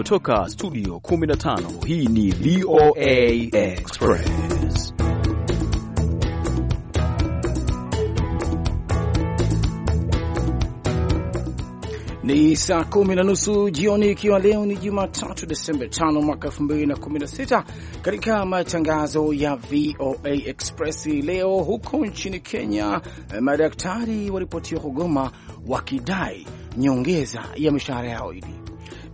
Kutoka studio 15 hii ni VOA Express. Ni saa kumi na nusu jioni, ikiwa leo ni Jumatatu Desemba 5 mwaka 2016. Katika matangazo ya VOA Express leo, huko nchini Kenya eh, madaktari waripotiwa kugoma wakidai nyongeza ya mishahara yao. Idi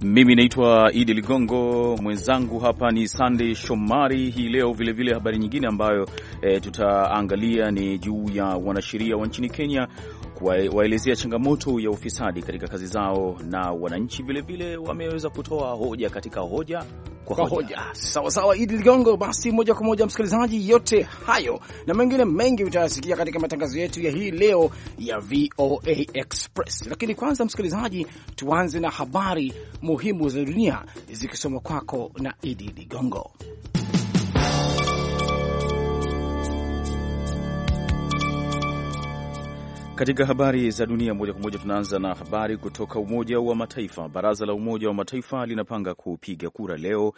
mimi naitwa Idi Ligongo, mwenzangu hapa ni Sandey Shomari. Hii leo vilevile, habari nyingine ambayo e, tutaangalia ni juu ya wanasheria wa nchini Kenya waelezea changamoto ya ufisadi katika kazi zao, na wananchi vilevile wameweza kutoa hoja katika hoja kwa hoja, hoja. Sawa sawa, Idi Ligongo. Basi moja kwa moja, msikilizaji, yote hayo na mengine mengi utayasikia katika matangazo yetu ya hii leo ya VOA Express, lakini kwanza, msikilizaji, tuanze na habari muhimu za dunia zikisoma kwako na Idi Ligongo. Katika habari za dunia moja kwa moja, tunaanza na habari kutoka Umoja wa Mataifa. Baraza la Umoja wa Mataifa linapanga kupiga kura leo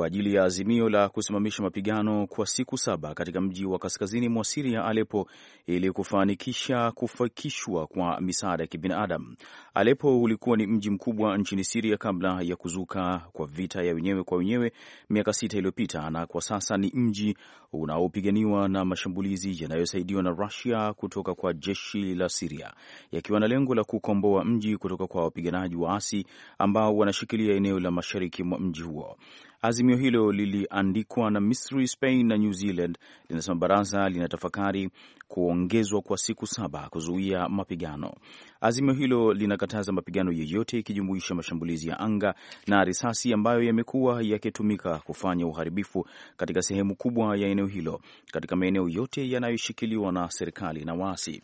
kwa ajili ya azimio la kusimamisha mapigano kwa siku saba katika mji wa kaskazini mwa Siria Alepo, ili kufanikisha kufikishwa kwa misaada ya kibinadamu. Alepo ulikuwa ni mji mkubwa nchini Siria kabla ya kuzuka kwa vita ya wenyewe kwa wenyewe miaka sita iliyopita, na kwa sasa ni mji unaopiganiwa na mashambulizi yanayosaidiwa na Rusia kutoka kwa jeshi la Siria, yakiwa na lengo la kukomboa mji kutoka kwa wapiganaji waasi ambao wanashikilia eneo la mashariki mwa mji huo. Azimio hilo liliandikwa na Misri, Spain na New Zealand linasema baraza linatafakari kuongezwa kwa siku saba kuzuia mapigano. Azimio hilo linakataza mapigano yeyote ikijumuisha mashambulizi ya anga na risasi ambayo yamekuwa yakitumika kufanya uharibifu katika sehemu kubwa ya eneo hilo katika maeneo yote yanayoshikiliwa na serikali na waasi.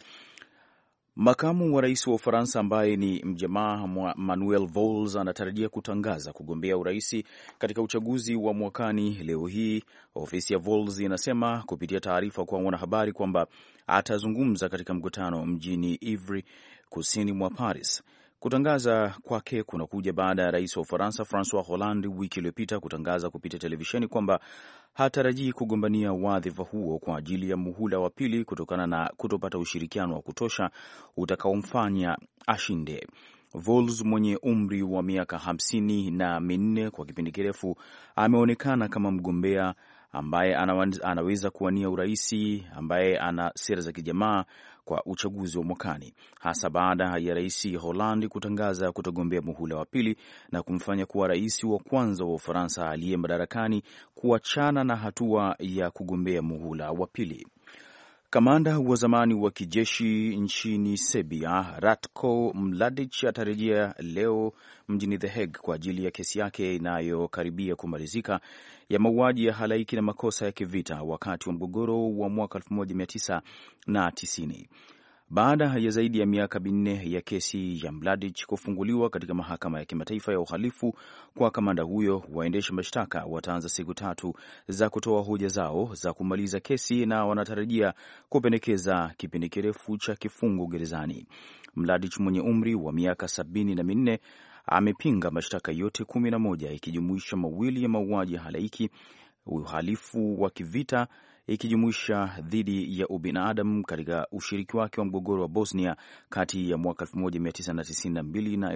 Makamu wa rais wa Ufaransa ambaye ni mjamaa Manuel Valls anatarajia kutangaza kugombea urais katika uchaguzi wa mwakani leo hii. Ofisi ya Valls inasema kupitia taarifa kwa wanahabari kwamba atazungumza katika mkutano mjini Ivry, kusini mwa Paris. Kutangaza kwake kunakuja baada ya rais wa Ufaransa Francois Hollande wiki iliyopita kutangaza kupitia televisheni kwamba hatarajii kugombania wadhifa huo kwa ajili ya muhula wa pili kutokana na kutopata ushirikiano wa kutosha utakaomfanya ashinde. Vols mwenye umri wa miaka hamsini na minne kwa kipindi kirefu ameonekana kama mgombea ambaye anaweza kuwania uraisi, ambaye ana sera za kijamaa kwa uchaguzi wa mwakani, hasa baada ya rais Hollande kutangaza kutogombea muhula wa pili na kumfanya kuwa rais wa kwanza wa Ufaransa aliye madarakani kuachana na hatua ya kugombea muhula wa pili. Kamanda wa zamani wa kijeshi nchini Serbia Ratko Mladic atarejea leo mjini The Hague kwa ajili ya kesi yake inayokaribia kumalizika ya mauaji ya halaiki na makosa ya kivita wakati wa mgogoro wa mwaka 1990 baada ya zaidi ya miaka minne ya kesi ya Mladic kufunguliwa katika mahakama ya kimataifa ya uhalifu kwa kamanda huyo, waendesha mashtaka wataanza siku tatu za kutoa hoja zao za kumaliza kesi na wanatarajia kupendekeza kipindi kirefu cha kifungo gerezani. Mladic mwenye umri wa miaka sabini na minne amepinga mashtaka yote kumi na moja ikijumuisha mawili ya mauaji ya halaiki, uhalifu wa kivita ikijumuisha dhidi ya ubinadamu katika ushiriki wake wa mgogoro wa Bosnia kati ya mwaka 1992 na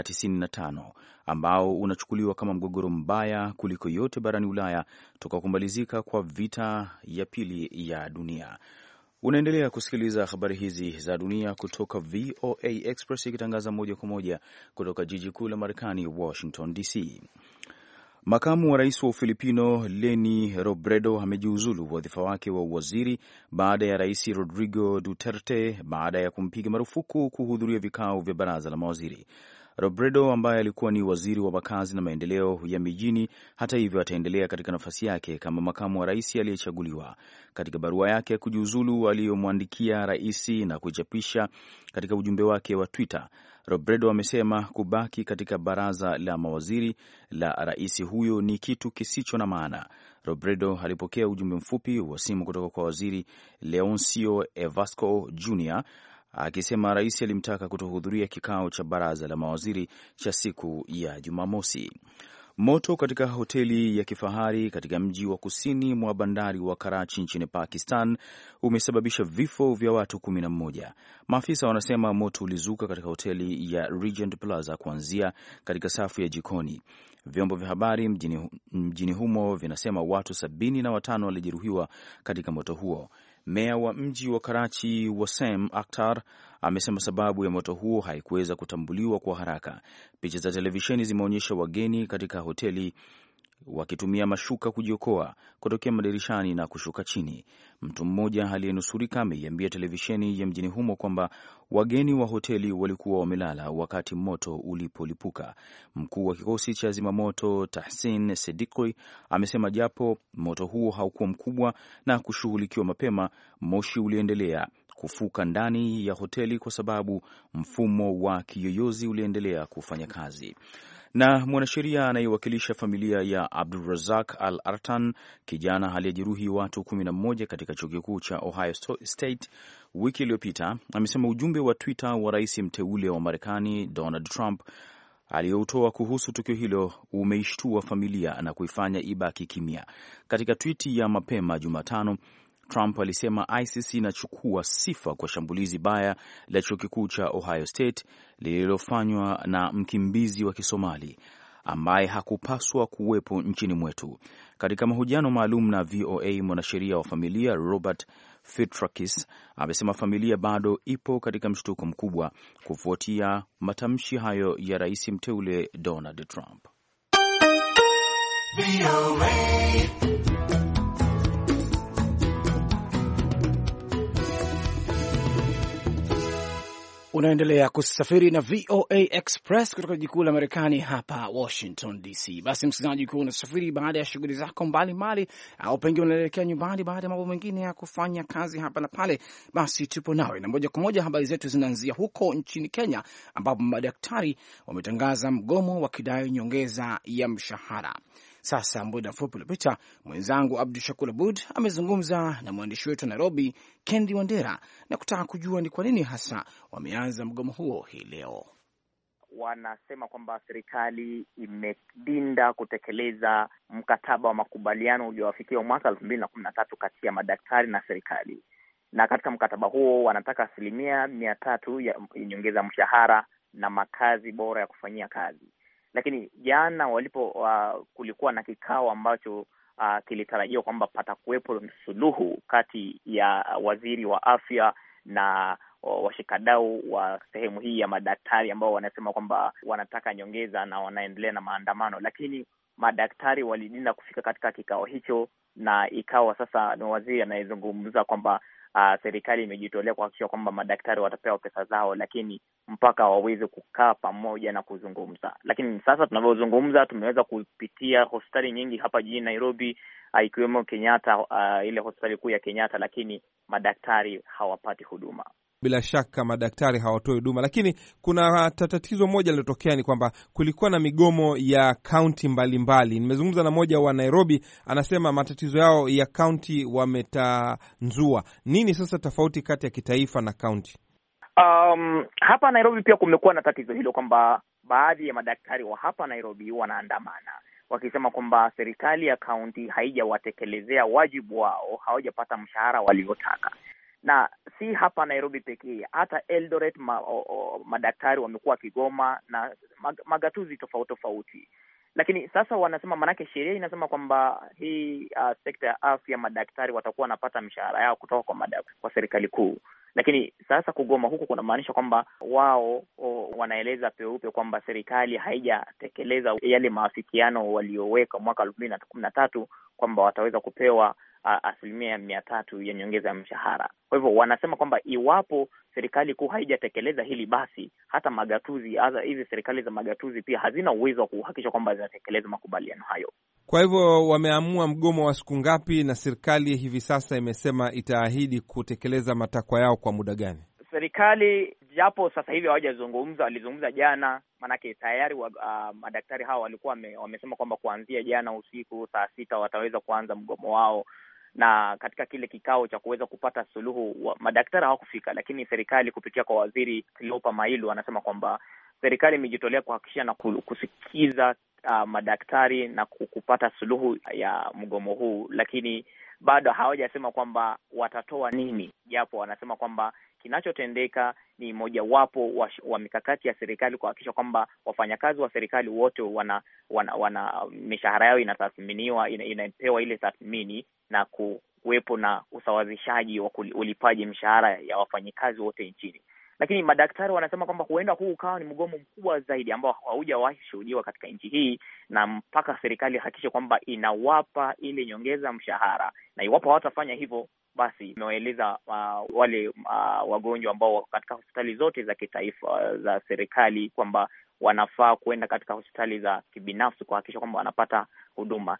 1995 ambao unachukuliwa kama mgogoro mbaya kuliko yote barani Ulaya toka kumalizika kwa vita ya pili ya dunia. Unaendelea kusikiliza habari hizi za dunia kutoka VOA Express ikitangaza moja kwa moja kutoka jiji kuu la Marekani, Washington DC. Makamu wa rais wa Ufilipino Leni Robredo amejiuzulu wadhifa wake wa uwaziri baada ya rais Rodrigo Duterte baada ya kumpiga marufuku kuhudhuria vikao vya baraza la mawaziri. Robredo ambaye alikuwa ni waziri wa makazi na maendeleo ya mijini, hata hivyo, ataendelea katika nafasi yake kama makamu wa rais aliyechaguliwa. Katika barua yake ya kujiuzulu aliyomwandikia rais na kuichapisha katika ujumbe wake wa Twitter, Robredo amesema kubaki katika baraza la mawaziri la rais huyo ni kitu kisicho na maana. Robredo alipokea ujumbe mfupi wa simu kutoka kwa waziri Leoncio Evasco Jr akisema rais alimtaka kutohudhuria kikao cha baraza la mawaziri cha siku ya Jumamosi. Moto katika hoteli ya kifahari katika mji wa kusini mwa bandari wa Karachi nchini Pakistan umesababisha vifo vya watu kumi na mmoja. Maafisa wanasema moto ulizuka katika hoteli ya Regent Plaza kuanzia katika safu ya jikoni. Vyombo vya habari mjini, mjini humo vinasema watu sabini watano walijeruhiwa katika moto huo. Meya wa mji wa Karachi Wasem Akhtar amesema sababu ya moto huo haikuweza kutambuliwa kwa haraka. Picha za televisheni zimeonyesha wageni katika hoteli wakitumia mashuka kujiokoa kutokea madirishani na kushuka chini. Mtu mmoja aliyenusurika ameiambia televisheni ya mjini humo kwamba wageni wa hoteli walikuwa wamelala wakati moto ulipolipuka. Mkuu wa kikosi cha zimamoto Tahsin Sedikoi amesema japo moto huo haukuwa mkubwa na kushughulikiwa mapema, moshi uliendelea kufuka ndani ya hoteli kwa sababu mfumo wa kiyoyozi uliendelea kufanya kazi na mwanasheria anayewakilisha familia ya Abdurazak Al Artan, kijana aliyejeruhi watu 11 katika chuo kikuu cha Ohio State wiki iliyopita, amesema ujumbe wa Twitter wa rais mteule wa Marekani Donald Trump aliyoutoa kuhusu tukio hilo umeishtua familia na kuifanya ibaki kimya. Katika twiti ya mapema Jumatano, Trump alisema ICC inachukua sifa kwa shambulizi baya la chuo kikuu cha Ohio State lililofanywa na mkimbizi wa Kisomali ambaye hakupaswa kuwepo nchini mwetu. Katika mahojiano maalum na VOA, mwanasheria wa familia Robert Fitrakis amesema familia bado ipo katika mshtuko mkubwa kufuatia matamshi hayo ya rais mteule Donald Trump. Unaendelea kusafiri na VOA Express kutoka jikuu la Marekani hapa Washington DC. Basi msikilizaji, ukiwa unasafiri baada ya shughuli zako mbalimbali, au pengine unaelekea nyumbani baada ya mambo mengine ya kufanya kazi hapa na pale, basi tupo nawe na moja kwa moja. Habari zetu zinaanzia huko nchini Kenya, ambapo madaktari wametangaza mgomo wakidai nyongeza ya mshahara. Sasa muda mfupi uliopita, mwenzangu Abdu Shakur Abud amezungumza na mwandishi wetu wa Nairobi, Kendi Wandera, na kutaka kujua ni kwa nini hasa wameanza mgomo huo hii leo. Wanasema kwamba serikali imedinda kutekeleza mkataba wa makubaliano uliowafikiwa mwaka elfu mbili na kumi na tatu kati ya madaktari na serikali, na katika mkataba huo wanataka asilimia mia tatu ya nyongeza mshahara na makazi bora ya kufanyia kazi. Lakini jana walipo uh, kulikuwa na kikao ambacho uh, kilitarajiwa kwamba patakuwepo suluhu kati ya waziri wa afya na uh, washikadau wa sehemu hii ya madaktari ambao wanasema kwamba wanataka nyongeza na wanaendelea na maandamano, lakini madaktari walidinda kufika katika kikao hicho, na ikawa sasa ni waziri anayezungumza kwamba uh, serikali imejitolea kuhakikisha kwamba madaktari watapewa pesa zao, lakini mpaka waweze kukaa pamoja na kuzungumza. Lakini sasa tunavyozungumza, tumeweza kupitia hospitali nyingi hapa jijini Nairobi, uh, ikiwemo Kenyatta, uh, ile hospitali kuu ya Kenyatta, lakini madaktari hawapati huduma bila shaka madaktari hawatoi huduma. Lakini kuna tatizo moja lilotokea, ni kwamba kulikuwa na migomo ya kaunti mbalimbali. Nimezungumza na mmoja wa Nairobi, anasema matatizo yao ya kaunti wametanzua. Nini sasa tofauti kati ya kitaifa na kaunti? Um, hapa Nairobi pia kumekuwa na tatizo hilo kwamba baadhi ya madaktari wa hapa Nairobi wanaandamana wakisema kwamba serikali ya kaunti haijawatekelezea wajibu wao, hawajapata mshahara waliotaka na si hapa Nairobi pekee, hata Eldoret ma, o, o, madaktari wamekuwa wakigoma na mag, magatuzi tofauti tofauti, lakini sasa wanasema, maanake sheria inasema kwamba hii uh, sekta ya afya madaktari watakuwa wanapata mishahara yao kutoka kwa kwa serikali kuu, lakini sasa kugoma huku kunamaanisha kwamba wao o, wanaeleza peupe kwamba serikali haijatekeleza yale maafikiano walioweka mwaka elfu mbili na kumi na tatu kwamba wataweza kupewa asilimia mia tatu ya nyongeza ya mshahara. Kwa hivyo wanasema kwamba iwapo serikali kuu haijatekeleza hili, basi hata magatuzi, hizi serikali za magatuzi pia hazina uwezo wa kuhakikisha kwamba zinatekeleza makubaliano hayo. Kwa hivyo wameamua mgomo wa siku ngapi, na serikali hivi sasa imesema itaahidi kutekeleza matakwa yao kwa muda gani? Serikali japo sasa hivi hawajazungumza, walizungumza jana, maanake tayari wa, uh, madaktari hawa walikuwa wamesema kwamba kuanzia jana usiku saa sita wataweza kuanza mgomo wao, na katika kile kikao cha kuweza kupata suluhu madaktari hawakufika, lakini serikali kupitia kwa waziri Cleopa Mailu anasema kwamba serikali imejitolea kuhakikisha na kusikiza uh, madaktari na kupata suluhu ya mgomo huu, lakini bado hawajasema kwamba watatoa nini, japo wanasema kwamba kinachotendeka ni mojawapo wa, wa mikakati ya serikali kuhakikisha kwamba wafanyakazi wa serikali wote wana, wana, wana mishahara yao inatathminiwa, ina, inapewa ile tathmini na kuwepo na usawazishaji wa ulipaji mshahara ya wafanyikazi wote nchini. Lakini madaktari wanasema kwamba huenda huu ukawa ni mgomo mkubwa zaidi ambao haujawahi shuhudiwa katika nchi hii, na mpaka serikali hakikishe kwamba inawapa ile nyongeza mshahara, na iwapo hawatafanya hivyo, basi imewaeleza uh, wale uh, wagonjwa ambao wako katika hospitali zote za kitaifa za serikali kwamba wanafaa kuenda katika hospitali za kibinafsi kuhakikisha kwamba wanapata huduma.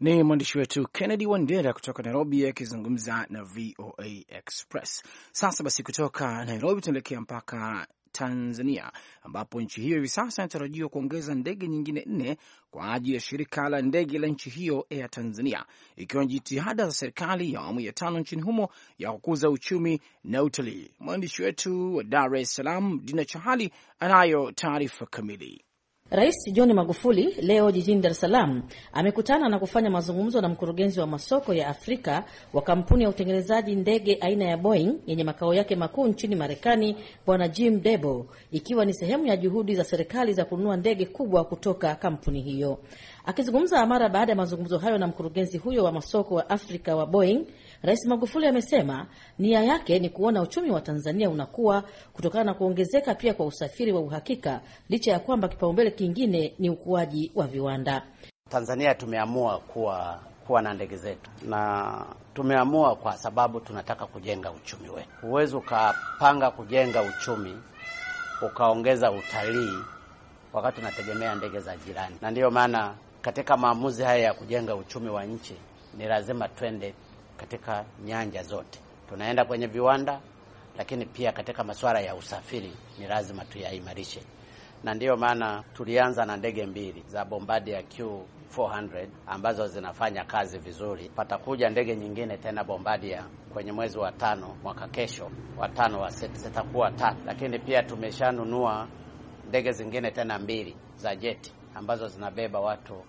Ni mwandishi wetu Kennedy Wandera kutoka Nairobi akizungumza na VOA Express. Sasa basi, kutoka Nairobi tunaelekea mpaka Tanzania, ambapo nchi hiyo hivi sasa inatarajiwa kuongeza ndege nyingine nne kwa ajili ya shirika la ndege la nchi hiyo Air Tanzania, ikiwa ni jitihada za serikali ya awamu ya tano nchini humo ya kukuza uchumi na utalii. Mwandishi wetu wa Dar es Salaam, Dina Chahali, anayo taarifa kamili. Rais John Magufuli leo jijini Dar es Salaam amekutana na kufanya mazungumzo na mkurugenzi wa masoko ya Afrika wa kampuni ya utengenezaji ndege aina ya Boeing yenye makao yake makuu nchini Marekani, Bwana Jim Debo, ikiwa ni sehemu ya juhudi za serikali za kununua ndege kubwa kutoka kampuni hiyo. Akizungumza mara baada ya mazungumzo hayo na mkurugenzi huyo wa masoko wa Afrika wa Boeing, Rais Magufuli amesema nia yake ni kuona uchumi wa Tanzania unakuwa kutokana na kuongezeka pia kwa usafiri wa uhakika, licha ya kwamba kipaumbele kingine ni ukuaji wa viwanda. Tanzania tumeamua kuwa kuwa na ndege zetu, na tumeamua kwa sababu tunataka kujenga uchumi wetu. Huwezi ukapanga kujenga uchumi ukaongeza utalii wakati unategemea ndege za jirani, na ndiyo maana katika maamuzi haya ya kujenga uchumi wa nchi ni lazima twende katika nyanja zote. Tunaenda kwenye viwanda, lakini pia katika masuala ya usafiri ni lazima tuyaimarishe, na ndiyo maana tulianza na ndege mbili za Bombardier Q400 ambazo zinafanya kazi vizuri. Patakuja ndege nyingine tena Bombardier kwenye mwezi wa tano mwaka kesho, wa tano wa set zitakuwa tatu. Lakini pia tumeshanunua ndege zingine tena mbili za jeti ambazo zinabeba watu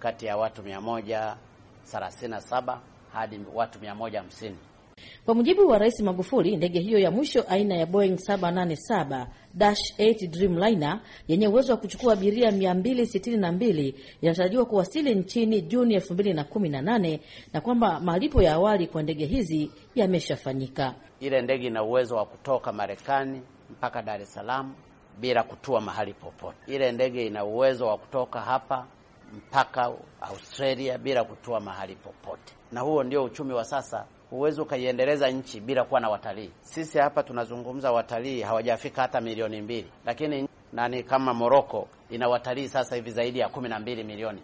kati ya watu 137 hadi watu 150. Kwa mujibu wa Rais Magufuli, ndege hiyo ya mwisho aina ya Boeing 787-8 Dreamliner yenye uwezo wa kuchukua abiria 262 inatarajiwa kuwasili nchini Juni 2018 na kwamba malipo ya awali kwa ndege hizi yameshafanyika. Ile ndege ina uwezo wa kutoka Marekani mpaka Dar es Salaam bila kutua mahali popote. Ile ndege ina uwezo wa kutoka hapa mpaka Australia bila kutua mahali popote na huo ndio uchumi wa sasa. Huwezi ukaiendeleza nchi bila kuwa na watalii. Sisi hapa tunazungumza, watalii hawajafika hata milioni mbili, lakini nani kama Moroko ina watalii sasa hivi zaidi ya kumi na mbili milioni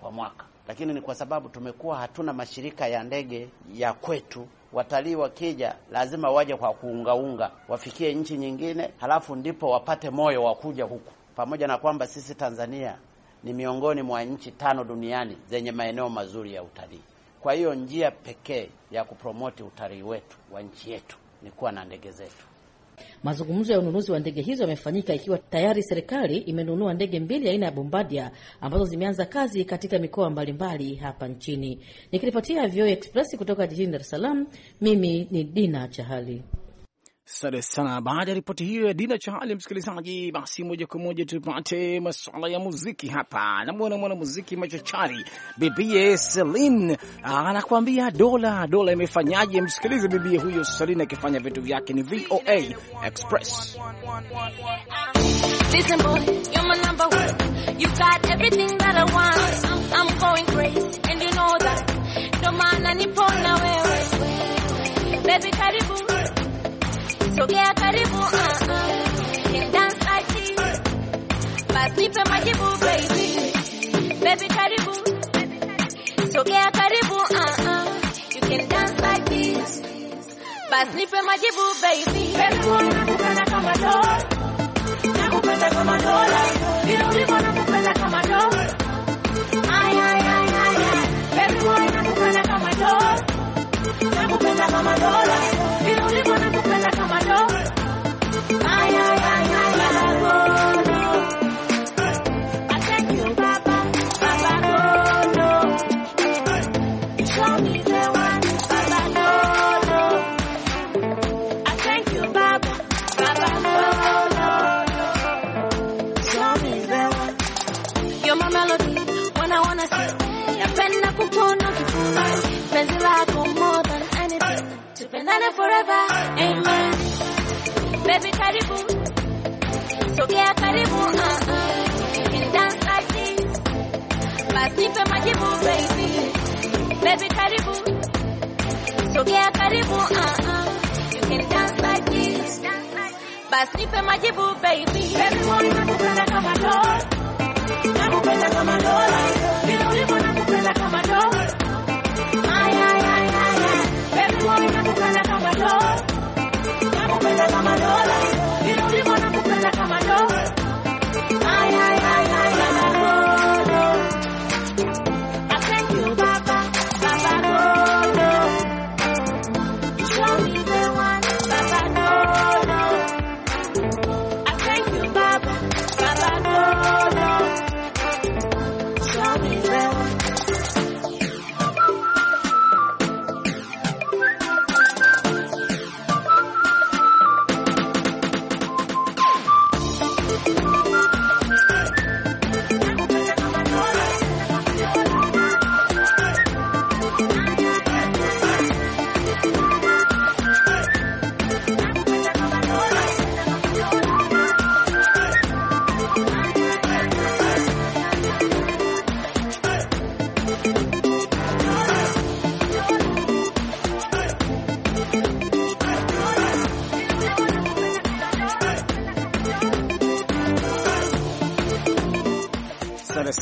kwa mwaka, lakini ni kwa sababu tumekuwa hatuna mashirika ya ndege ya kwetu. Watalii wakija lazima waje kwa kuungaunga, wafikie nchi nyingine, halafu ndipo wapate moyo wa kuja huku, pamoja na kwamba sisi Tanzania ni miongoni mwa nchi tano duniani zenye maeneo mazuri ya utalii. Kwa hiyo njia pekee ya kupromoti utalii wetu wa nchi yetu ni kuwa na ndege zetu. Mazungumzo ya ununuzi wa ndege hizo yamefanyika ikiwa tayari serikali imenunua ndege mbili aina ya Bombardier ambazo zimeanza kazi katika mikoa mbalimbali hapa nchini. Nikiripotia VOA Express kutoka jijini Dar es Salaam, mimi ni Dina Chahali. Asante sana. Baada ya ripoti hiyo ya Dina Chahali, msikilizaji, basi moja kwa moja tupate masuala ya muziki hapa. Namwona mwana muziki machachari bibie selin anakuambia dola dola imefanyaje. Msikilize bibie huyo selin akifanya vitu vyake. Ni VOA Express. Baby, karibu Sogea karibu uh -uh. Dance party Pasipe majibu baby Baby karibu Sogea karibu uh -uh. You can dance like this Pasipe majibu baby Baby wana kupenda kama dola Na kupenda kama dola Bila ulivo na kupenda kama dola Ay Ay, ay, ay, ay.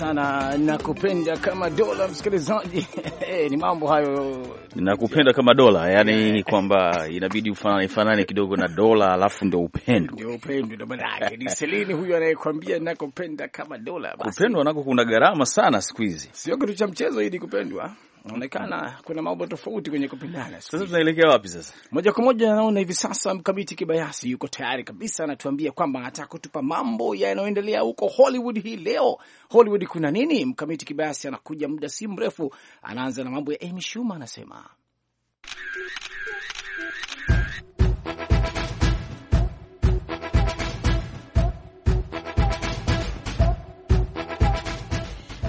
sana nakupenda kama dola, msikilizaji eh, ni mambo hayo, nakupenda kama dola, yani kwamba inabidi ufanane fanane kidogo na dola, alafu ndio upendo, ndio upendo, ndio maana yake. Ni Selini huyu anayekwambia nakupenda kama dola. Basi kupendwa nako kuna gharama sana siku hizi, sio kitu cha mchezo hili kupendwa. Naonekana kuna mambo tofauti kwenye kupindana. Sasa tunaelekea wapi sasa? Moja kwa moja naona hivi sasa mkamiti Kibayasi yuko tayari kabisa, anatuambia kwamba anataka kutupa mambo yanayoendelea huko Hollywood hii leo. Hollywood kuna nini? Mkamiti Kibayasi anakuja muda si mrefu, anaanza na mambo ya Amy Schumer, anasema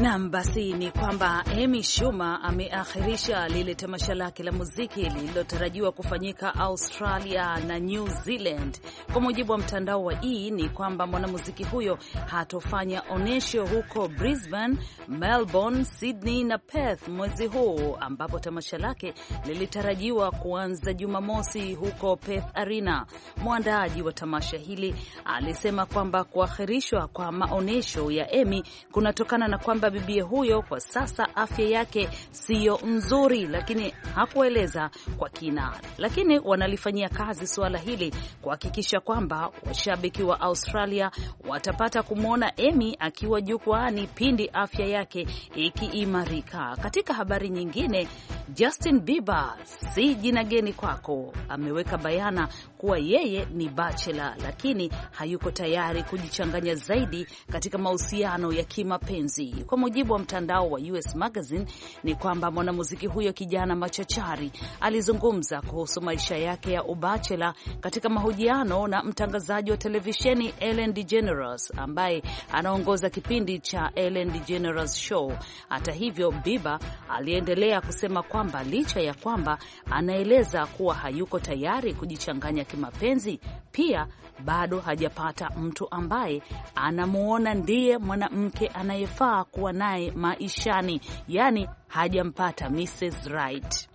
Nam, basi ni kwamba Amy Schumer ameakhirisha lile tamasha lake la muziki lililotarajiwa kufanyika Australia na New Zealand. Kwa mujibu wa mtandao wa E ni kwamba mwanamuziki huyo hatofanya onyesho huko Brisbane, Melbourne, Sydney na Perth mwezi huu, ambapo tamasha lake lilitarajiwa kuanza Jumamosi huko Perth Arena. Mwandaaji wa tamasha hili alisema kwamba kuakhirishwa kwa maonyesho ya Amy kunatokana na kwamba kwamba bibie huyo kwa sasa afya yake siyo nzuri, lakini hakueleza kwa kina. Lakini wanalifanyia kazi suala hili kuhakikisha kwamba washabiki wa Australia watapata kumwona Emi akiwa jukwaani pindi afya yake ikiimarika. Katika habari nyingine, Justin Bieber si jina geni kwako, ameweka bayana kuwa yeye ni bachela, lakini hayuko tayari kujichanganya zaidi katika mahusiano ya kimapenzi. Kwa mujibu wa mtandao wa US Magazine, ni kwamba mwanamuziki huyo kijana machachari alizungumza kuhusu maisha yake ya ubachela katika mahojiano na mtangazaji wa televisheni Ellen DeGeneres ambaye anaongoza kipindi cha Ellen DeGeneres Show. Hata hivyo, Bieber aliendelea kusema kwamba licha ya kwamba anaeleza kuwa hayuko tayari kujichanganya kimapenzi, pia bado hajapata mtu ambaye anamuona ndiye mwanamke anayefaa kuwa naye maishani, yani hajampata Mrs. Right.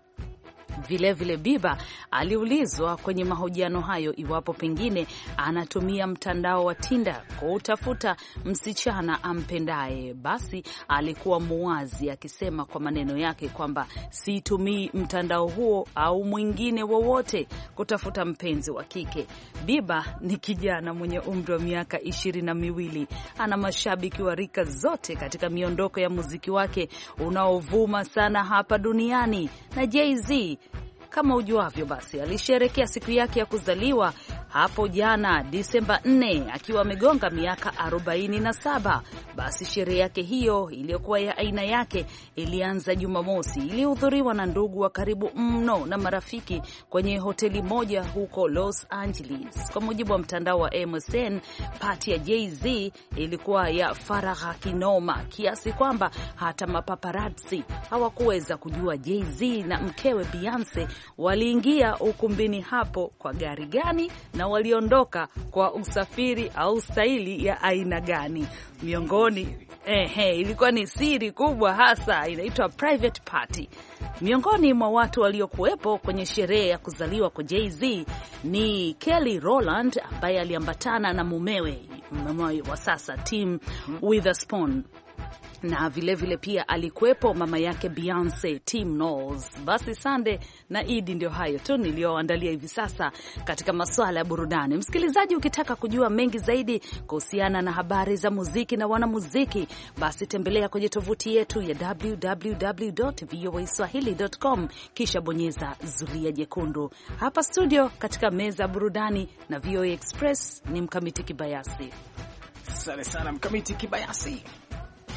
Vilevile vile Biba aliulizwa kwenye mahojiano hayo iwapo pengine anatumia mtandao wa Tinda kutafuta msichana ampendaye. Basi alikuwa muwazi akisema kwa maneno yake kwamba situmii mtandao huo au mwingine wowote kutafuta mpenzi wa kike. Biba ni kijana mwenye umri wa miaka ishirini na miwili, ana mashabiki wa rika zote katika miondoko ya muziki wake unaovuma sana hapa duniani na Jay-Z kama ujuavyo, basi alisherekea siku yake ya kuzaliwa hapo jana Disemba 4 akiwa amegonga miaka 47. Basi sherehe yake hiyo iliyokuwa ya aina yake ilianza Jumamosi, ilihudhuriwa na ndugu wa karibu mno na marafiki kwenye hoteli moja huko Los Angeles. Kwa mujibu wa mtandao wa MSN, pati ya Jay-Z ilikuwa ya faragha kinoma kiasi kwamba hata mapaparazzi hawakuweza kujua Jay-Z na mkewe Beyonce waliingia ukumbini hapo kwa gari gani na na waliondoka kwa usafiri au staili ya aina gani miongoni Ehe, ilikuwa ni siri kubwa hasa, inaitwa private party. Miongoni mwa watu waliokuwepo kwenye sherehe ya kuzaliwa kwa Jay-Z ni Kelly Rowland ambaye aliambatana na mumewe mumewe wa sasa Tim mhm. Witherspoon na vilevile vile pia alikuwepo mama yake Beyonce Tim Knowles. Basi sande na Idi, ndio hayo tu niliyoandalia hivi sasa katika masuala ya burudani. Msikilizaji, ukitaka kujua mengi zaidi kuhusiana na habari za muziki na wanamuziki, basi tembelea kwenye tovuti yetu ya www.voaswahili.com, kisha bonyeza zulia jekundu. Hapa studio katika meza ya burudani na VOA Express ni Mkamiti Kibayasi. Asante sana Mkamiti Kibayasi.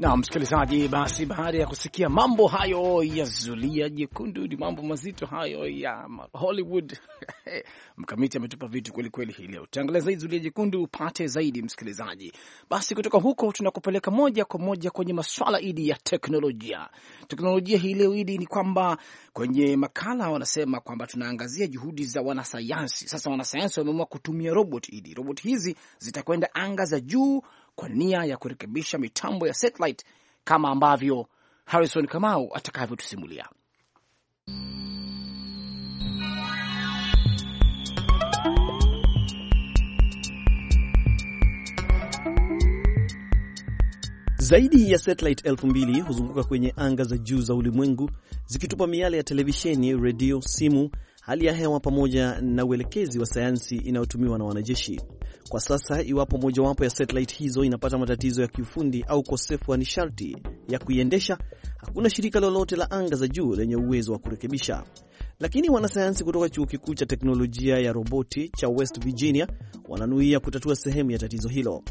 na msikilizaji, basi baada ya kusikia mambo hayo ya zulia jekundu, ni mambo mazito hayo ya Hollywood. Mkamiti ametupa vitu kweli hii leo. Tutaangalia zaidi zulia jekundu, upate zaidi msikilizaji. Basi kutoka huko tunakupeleka moja kwa moja kwenye maswala idi ya teknolojia. Teknolojia hii leo idi ni kwamba kwenye makala wanasema kwamba tunaangazia juhudi za wanasayansi. Sasa wanasayansi wameamua kutumia robot idi, robot hizi zitakwenda anga za juu kwa nia ya kurekebisha mitambo ya satellite kama ambavyo Harrison Kamau atakavyotusimulia. Zaidi ya satellite elfu mbili huzunguka kwenye anga za juu za ulimwengu zikitupa miale ya televisheni, redio, simu hali ya hewa pamoja na uelekezi wa sayansi inayotumiwa na wanajeshi. Kwa sasa, iwapo mojawapo ya satellite hizo inapata matatizo ya kiufundi au ukosefu wa nisharti ya kuiendesha, hakuna shirika lolote la anga za juu lenye uwezo wa kurekebisha. Lakini wanasayansi kutoka chuo kikuu cha teknolojia ya roboti cha West Virginia wananuia kutatua sehemu ya tatizo hilo.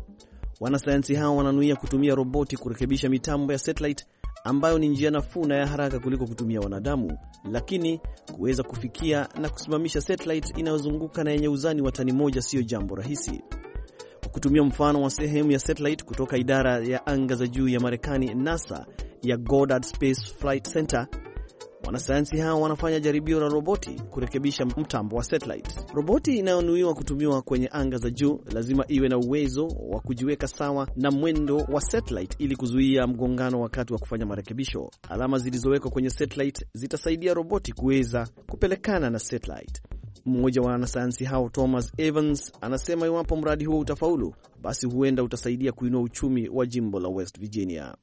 Wanasayansi hao wananuia kutumia roboti kurekebisha mitambo ya satellite ambayo ni njia nafuu na ya haraka kuliko kutumia wanadamu, lakini kuweza kufikia na kusimamisha satellite inayozunguka na yenye uzani wa tani moja siyo jambo rahisi. Kwa kutumia mfano wa sehemu ya satellite kutoka idara ya anga za juu ya Marekani, NASA ya Goddard Space Flight Center Wanasayansi hao wanafanya jaribio la roboti kurekebisha mtambo wa satellite. Roboti inayonuiwa kutumiwa kwenye anga za juu lazima iwe na uwezo wa kujiweka sawa na mwendo wa satellite ili kuzuia mgongano wakati wa kufanya marekebisho. Alama zilizowekwa kwenye satellite zitasaidia roboti kuweza kupelekana na satellite. Mmoja wa wanasayansi hao Thomas Evans anasema iwapo mradi huo utafaulu, basi huenda utasaidia kuinua uchumi wa jimbo la West Virginia.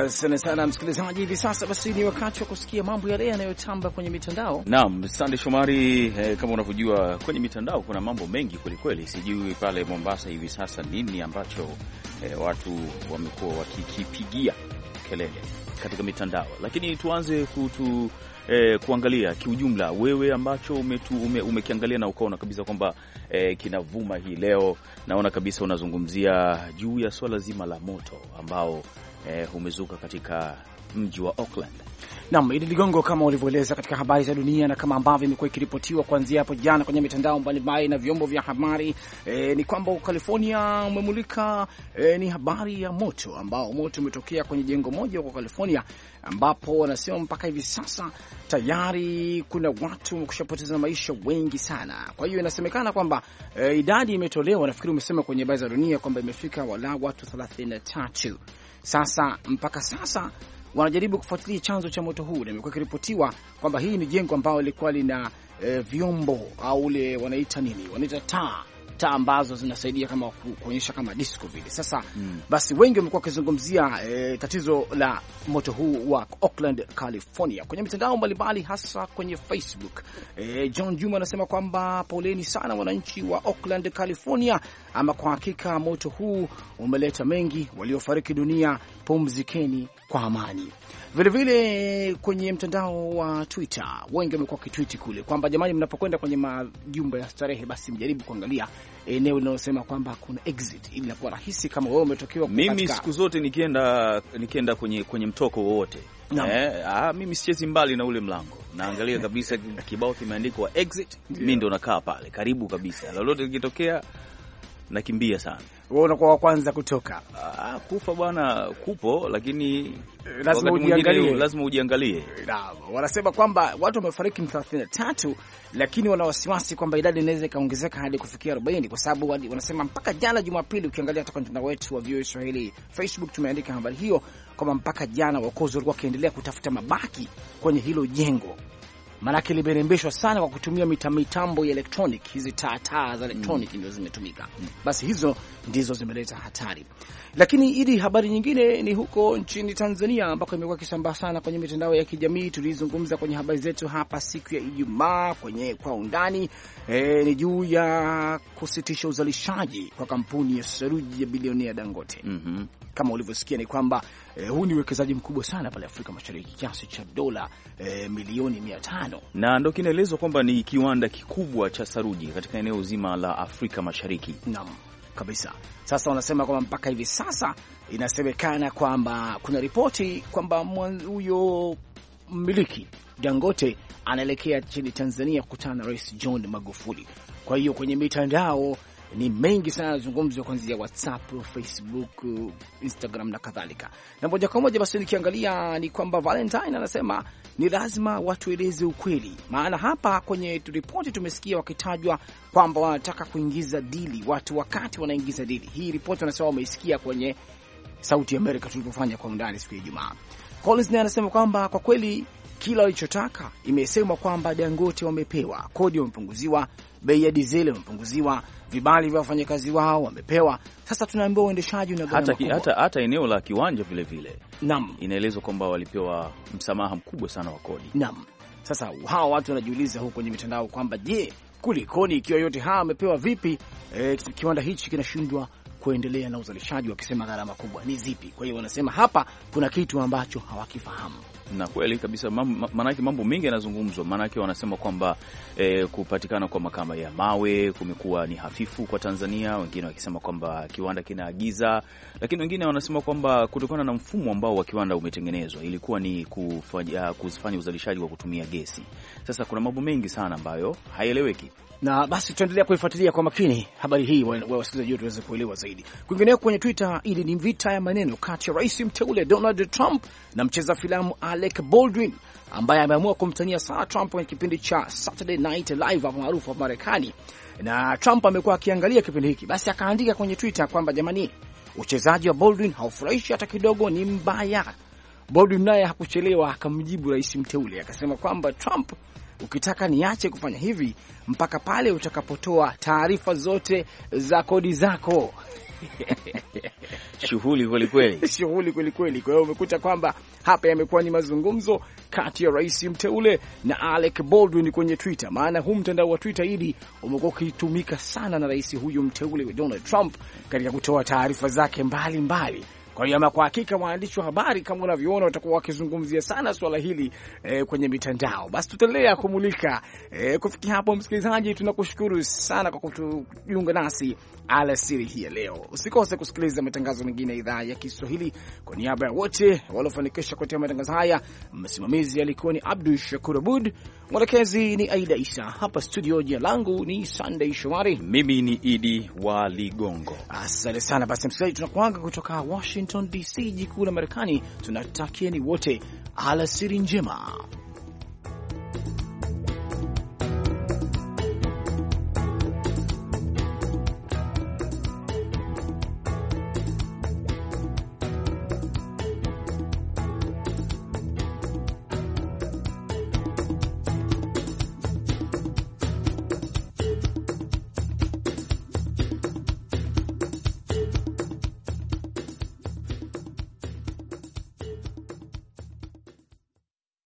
Asante sana msikilizaji. Hivi sasa basi ni wakati wa kusikia mambo yale yanayotamba kwenye mitandao. Naam, Sande Shomari, eh, kama unavyojua kwenye mitandao kuna mambo mengi kwelikweli. Sijui pale Mombasa hivi sasa nini ambacho eh, watu wamekuwa wakikipigia kelele katika mitandao, lakini tuanze kutu Eh, kuangalia kiujumla wewe ambacho umekiangalia ume, umekiangalia na ukaona kabisa kwamba eh, kinavuma hii leo. Naona kabisa unazungumzia juu ya swala zima la moto ambao eh, umezuka katika mji wa Auckland. Naam, Idi Ligongo, kama ulivyoeleza katika habari za dunia na kama ambavyo imekuwa ikiripotiwa kuanzia hapo jana kwenye mitandao mbalimbali na vyombo vya habari e, ni kwamba California umemulika e, ni habari ya moto ambao moto umetokea kwenye jengo moja huko California, ambapo wanasema mpaka hivi sasa tayari kuna watu wamekushapoteza maisha wengi sana. Kwa hiyo inasemekana kwamba e, idadi imetolewa, nafikiri umesema kwenye habari za dunia kwamba imefika wala watu 33. Sasa mpaka sasa wanajaribu kufuatilia chanzo cha moto huu, na imekuwa ikiripotiwa kwamba hii ni jengo ambalo lilikuwa lina e, vyombo au ule wanaita nini, wanaita taa taa ambazo zinasaidia kama kuonyesha kama disco vile. Sasa mm. basi wengi wamekuwa wakizungumzia e, tatizo la moto huu wa Oakland, California kwenye mitandao mbalimbali, hasa kwenye Facebook. E, John Juma anasema kwamba poleni sana wananchi wa Oakland, California, ama kwa hakika moto huu umeleta mengi, waliofariki dunia pumzikeni kwa amani. Vilevile kwenye mtandao wa Twitter wengi wamekuwa wakitwiti kule kwamba jamani, mnapokwenda kwenye majumba ya starehe, basi mjaribu kuangalia eneo linalosema kwamba kuna exit, ili inakuwa rahisi kama wewe umetokewa. Mimi siku zote nikienda nikienda kwenye, kwenye mtoko wowote eh, ah, mimi sichezi mbali na ule mlango, naangalia kabisa kibao kimeandikwa exit, mimi ndo nakaa pale karibu kabisa, lolote likitokea nakimbia sana. Wewe unakuwa wa kwanza kutoka. Ah, kufa bwana kupo, lakini eh, lazima ujiangalie, lazima ujiangalie. wanasema kwamba watu wamefariki 33 lakini wana wasiwasi kwamba idadi inaweza ikaongezeka hadi kufikia 40 kwa sababu wanasema mpaka jana Jumapili, ukiangalia hata kwenye mtandao wetu wa VOA Swahili Facebook tumeandika habari hiyo kwamba mpaka jana wakozi walikuwa wakiendelea kutafuta mabaki kwenye hilo jengo maanake limerembeshwa sana kwa kutumia mita mitambo ya electronic, hizi taataa za electronic mm. ndio zimetumika mm. Basi hizo ndizo zimeleta hatari, lakini ili habari nyingine ni huko nchini Tanzania ambako imekuwa kisambaa sana kwenye mitandao ya kijamii. Tulizungumza kwenye habari zetu hapa siku ya Ijumaa kwenye kwa undani e, ni juu ya kusitisha uzalishaji kwa kampuni ya saruji ya bilionea Dangote mm -hmm. Kama ulivyosikia ni kwamba eh, huu ni uwekezaji mkubwa sana pale Afrika Mashariki kiasi cha dola eh, milioni mia tano na ndo kinaelezwa kwamba ni kiwanda kikubwa cha saruji katika eneo zima la Afrika Mashariki. Naam kabisa. Sasa wanasema kwamba mpaka hivi sasa inasemekana kwamba kuna ripoti kwamba huyo mmiliki Dangote anaelekea nchini Tanzania kukutana na Rais John Magufuli. Kwa hiyo kwenye mitandao ni mengi sana yanazungumzwa, kuanzia WhatsApp, Facebook, Instagram na kadhalika. Na moja kwa moja basi nikiangalia ni kwamba Valentine anasema ni lazima watueleze ukweli, maana hapa kwenye ripoti tumesikia wakitajwa kwamba wanataka kuingiza dili watu, wakati wanaingiza dili hii ripoti wanasema wameisikia kwenye Sauti ya Amerika tulipofanya kwa undani siku ya Ijumaa. Collins naye anasema kwamba kwa kweli kila walichotaka. Imesemwa kwamba Dangote wamepewa kodi, wamepunguziwa bei ya dizeli, wamepunguziwa vibali vya wafanyakazi wao, wamepewa. Sasa tunaambiwa uendeshaji una hata, hata, hata eneo la kiwanja vilevile, naam, inaelezwa kwamba walipewa msamaha mkubwa sana wa kodi, naam. Sasa hawa watu wanajiuliza huko kwenye mitandao kwamba je, kulikoni? Ikiwa yote haya wamepewa vipi, e, kiwanda hichi kinashindwa kuendelea na uzalishaji, wakisema gharama kubwa ni zipi. Kwa hiyo wanasema hapa kuna kitu ambacho hawakifahamu na kweli kabisa, maanake mambo mengi yanazungumzwa. Maanake wanasema kwamba e, kupatikana kwa makama ya mawe kumekuwa ni hafifu kwa Tanzania, wengine wakisema kwamba kiwanda kinaagiza, lakini wengine wanasema kwamba kutokana na mfumo ambao wa kiwanda umetengenezwa ilikuwa ni kufanya, kufanya uzalishaji wa kutumia gesi. Sasa kuna mambo mengi sana ambayo haieleweki na basi tutaendelea kuifuatilia kwa makini habari hii, wasikilizaji wetu waweze kuelewa zaidi. Kwingineko kwenye Twitter, ili ni vita ya maneno kati ya rais mteule Donald Trump na mcheza filamu Alec Baldwin ambaye ameamua kumtania sana Trump kwenye kipindi cha Saturday Night Live maarufu hapa Marekani, na Trump amekuwa akiangalia kipindi hiki, basi akaandika kwenye Twitter kwamba jamani, uchezaji wa Baldwin haufurahishi hata kidogo, ni mbaya. Baldwin naye hakuchelewa akamjibu rais mteule akasema kwamba Trump ukitaka niache kufanya hivi mpaka pale utakapotoa taarifa zote za kodi zako. Shughuli kwelikweli, shughuli kwelikweli. Kwa hiyo umekuta kwamba hapa yamekuwa ni mazungumzo kati ya rais mteule na Alec Baldwin kwenye Twitter, maana huu mtandao wa Twitter hili umekuwa ukitumika sana na rais huyu mteule Donald Trump katika kutoa taarifa zake mbalimbali mbali. Kwa hiyo ama kwa hakika waandishi wa habari kama unavyoona watakuwa wakizungumzia sana swala hili eh, kwenye mitandao. Basi tutaendelea kumulika eh. Kufikia hapo, msikilizaji, tunakushukuru sana kwa kutujiunga nasi alasiri hii ya leo. Usikose kusikiliza matangazo mengine ya idhaa ya Kiswahili. Kwa niaba ya wote waliofanikisha kutia matangazo haya, msimamizi alikuwa ni Abdu Shakur Abud, mwelekezi ni Aida Isa. Hapa studio, jina langu ni Sandey Shomari, mimi ni Idi wa Ligongo. Asante sana. Basi msikilizaji, tunakuaga kutoka Washington Washington DC, jikuu la Marekani. Tunatakieni wote alasiri njema.